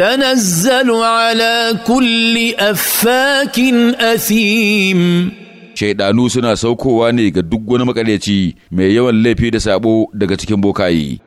تنزل على كل أفاك أثيم Shaiɗanu suna saukowa ne ga duk wani makaryaci mai yawan laifi da sabo daga cikin bokayi.